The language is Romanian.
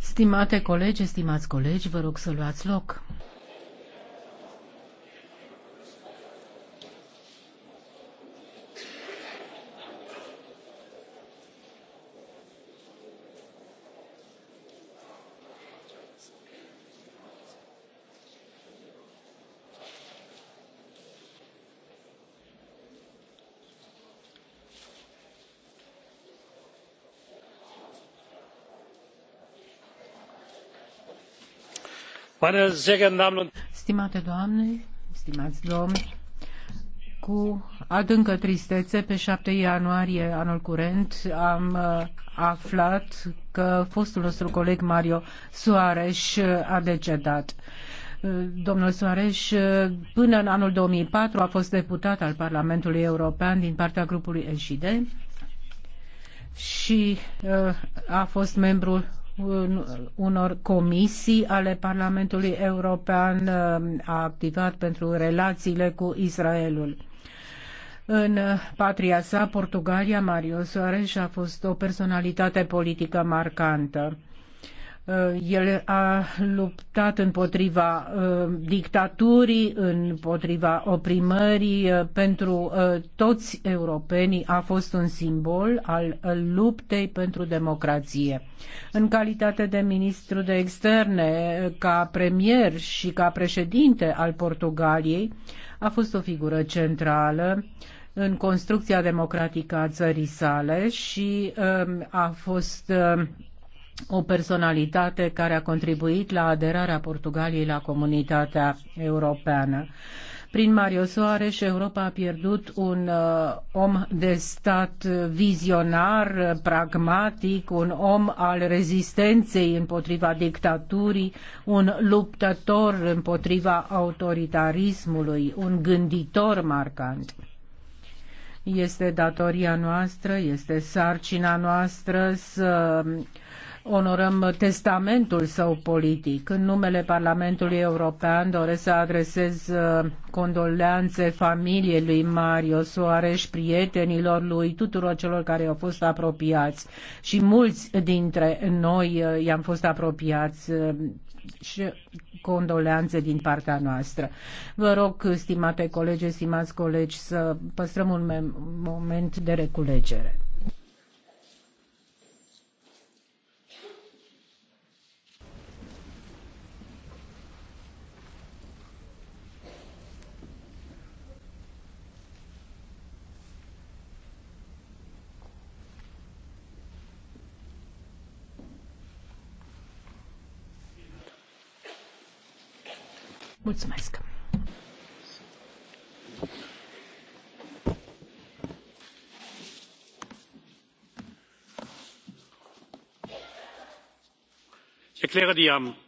Stimate colegi, stimați colegi, vă rog să luați loc. Stimate doamne, stimați domni, cu adâncă tristețe, pe 7 ianuarie anul curent am uh, aflat că fostul nostru coleg Mario Suares uh, a decedat. Uh, domnul Soareș, până în anul 2004 a fost deputat al Parlamentului European din partea grupului NCD și a fost membru unor comisii ale Parlamentului European uh, a activat pentru relațiile cu Israelul. În patria sa, Portugalia, Mario Soares a fost o personalitate politică marcantă. Uh, el a luptat împotriva uh, dictaturii, împotriva oprimării. Uh, pentru toți europenii a fost un simbol al luptei pentru democrație. În calitate de ministru de externe, ca premier și ca președinte al Portugaliei, a fost o figură centrală în construcția democratică a țării sale și a fost o personalitate care a contribuit la aderarea Portugaliei la comunitatea europeană. Prin Mario Soares, Europa a pierdut un uh, om de stat vizionar, pragmatic, un om al rezistenței împotriva dictaturii, un luptător împotriva autoritarismului, un gânditor marcant. Este datoria noastră, este sarcina noastră să uh, onorăm testamentul său politic. În numele Parlamentului European doresc să adresez uh, condoleanțe familiei lui Mario Soares, prietenilor lui, tuturor celor care au fost apropiați și mulți dintre noi uh, i-am fost apropiați uh, și condoleanțe din partea noastră. Vă rog, stimate colegi, stimați colegi, să păstrăm un moment de reculegere. Mulțumesc! ich erkläre die am.